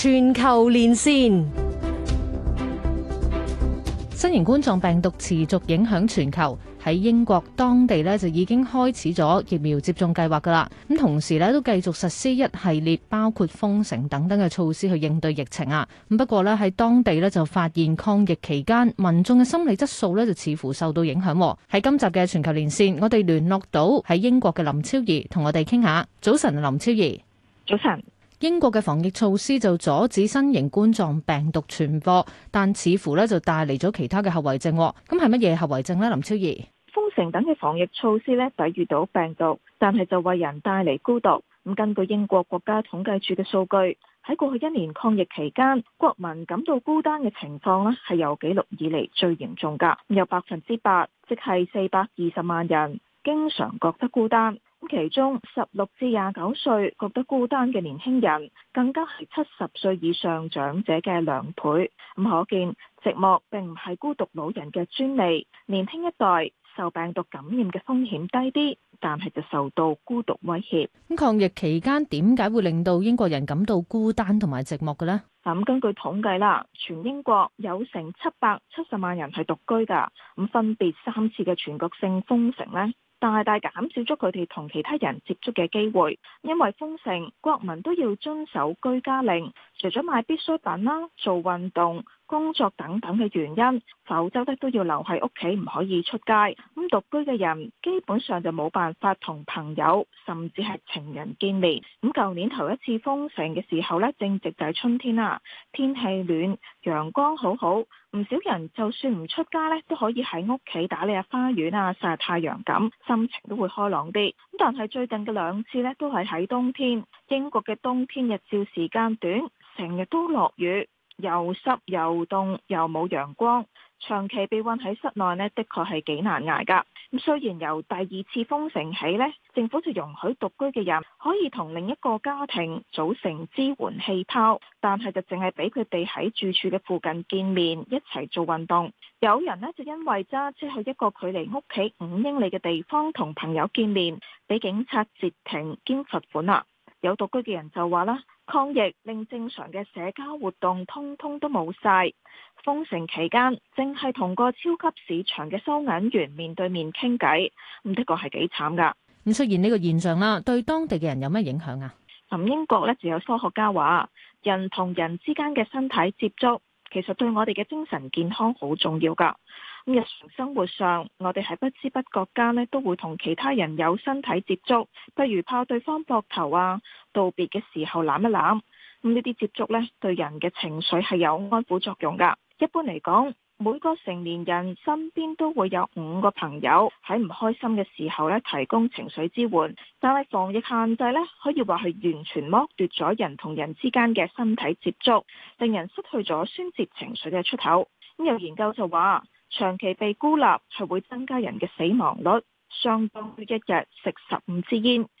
全球連線，新型冠狀病毒持續影響全球，喺英國當地呢就已經開始咗疫苗接種計劃噶啦。咁同時呢都繼續實施一系列包括封城等等嘅措施去應對疫情啊。咁不過呢，喺當地呢就發現抗疫期間民眾嘅心理質素呢就似乎受到影響。喺今集嘅全球連線，我哋聯絡到喺英國嘅林昭儀同我哋傾下。早晨，林昭儀。早晨。英國嘅防疫措施就阻止新型冠狀病毒傳播，但似乎呢就帶嚟咗其他嘅後遺症。咁係乜嘢後遺症呢？林昭儀，封城等嘅防疫措施呢，抵御到病毒，但係就為人帶嚟孤獨。咁根據英國國家統計處嘅數據，喺過去一年抗疫期間，國民感到孤單嘅情況呢，係有紀錄以嚟最嚴重噶。有百分之八，即係四百二十萬人經常覺得孤單。其中十六至廿九歲覺得孤單嘅年輕人，更加係七十歲以上長者嘅兩倍。咁可見寂寞並唔係孤獨老人嘅專利。年輕一代受病毒感染嘅風險低啲，但係就受到孤獨威脅。咁抗疫期間點解會令到英國人感到孤單同埋寂寞嘅呢？咁根據統計啦，全英國有成七百七十萬人係獨居噶。咁分別三次嘅全國性封城呢。大大減少咗佢哋同其他人接觸嘅機會，因為封城，國民都要遵守居家令，除咗買必需品啦，做運動，工作等等嘅原因，否則咧都要留喺屋企，唔可以出街。咁獨居嘅人基本上就冇辦法同朋友甚至係情人見面。咁舊年頭一次封城嘅時候咧，正值就係春天啦，啊，天氣暖，陽光好好。唔少人就算唔出街咧，都可以喺屋企打理下花園啊，曬太陽咁，心情都會開朗啲。咁但係最近嘅兩次咧，都係喺冬天。英國嘅冬天日照時間短，成日都落雨。又濕又凍又冇陽光，長期被困喺室內呢，的確係幾難捱㗎。咁雖然由第二次封城起呢，政府就容許獨居嘅人可以同另一個家庭組成支援氣泡，但係就淨係俾佢哋喺住處嘅附近見面一齊做運動。有人呢，就因為揸車去一個距離屋企五英里嘅地方同朋友見面，俾警察截停兼罰款啦。有獨居嘅人就話啦。抗疫令正常嘅社交活動通通都冇晒，封城期間淨係同個超級市場嘅收銀員面對面傾偈，唔的確係幾慘噶。咁出現呢個現象，啦，對當地嘅人有咩影響啊？咁英國咧就有科學家話，人同人之間嘅身體接觸，其實對我哋嘅精神健康好重要噶。日常生活上，我哋喺不知不覺間咧，都會同其他人有身體接觸，譬如拍對方膊頭啊，道別嘅時候攬一攬。咁呢啲接觸咧，對人嘅情緒係有安撫作用噶。一般嚟講，每個成年人身邊都會有五個朋友喺唔開心嘅時候咧，提供情緒支援。但係防疫限制咧，可以話係完全剝奪咗人同人之間嘅身體接觸，令人失去咗宣泄情緒嘅出口。咁有研究就話。長期被孤立，就會增加人嘅死亡率，相當於一日食十五支煙。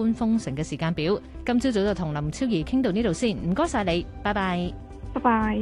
官封城嘅時間表，今朝早就同林昭儀傾到呢度先，唔該晒你，拜拜，拜拜。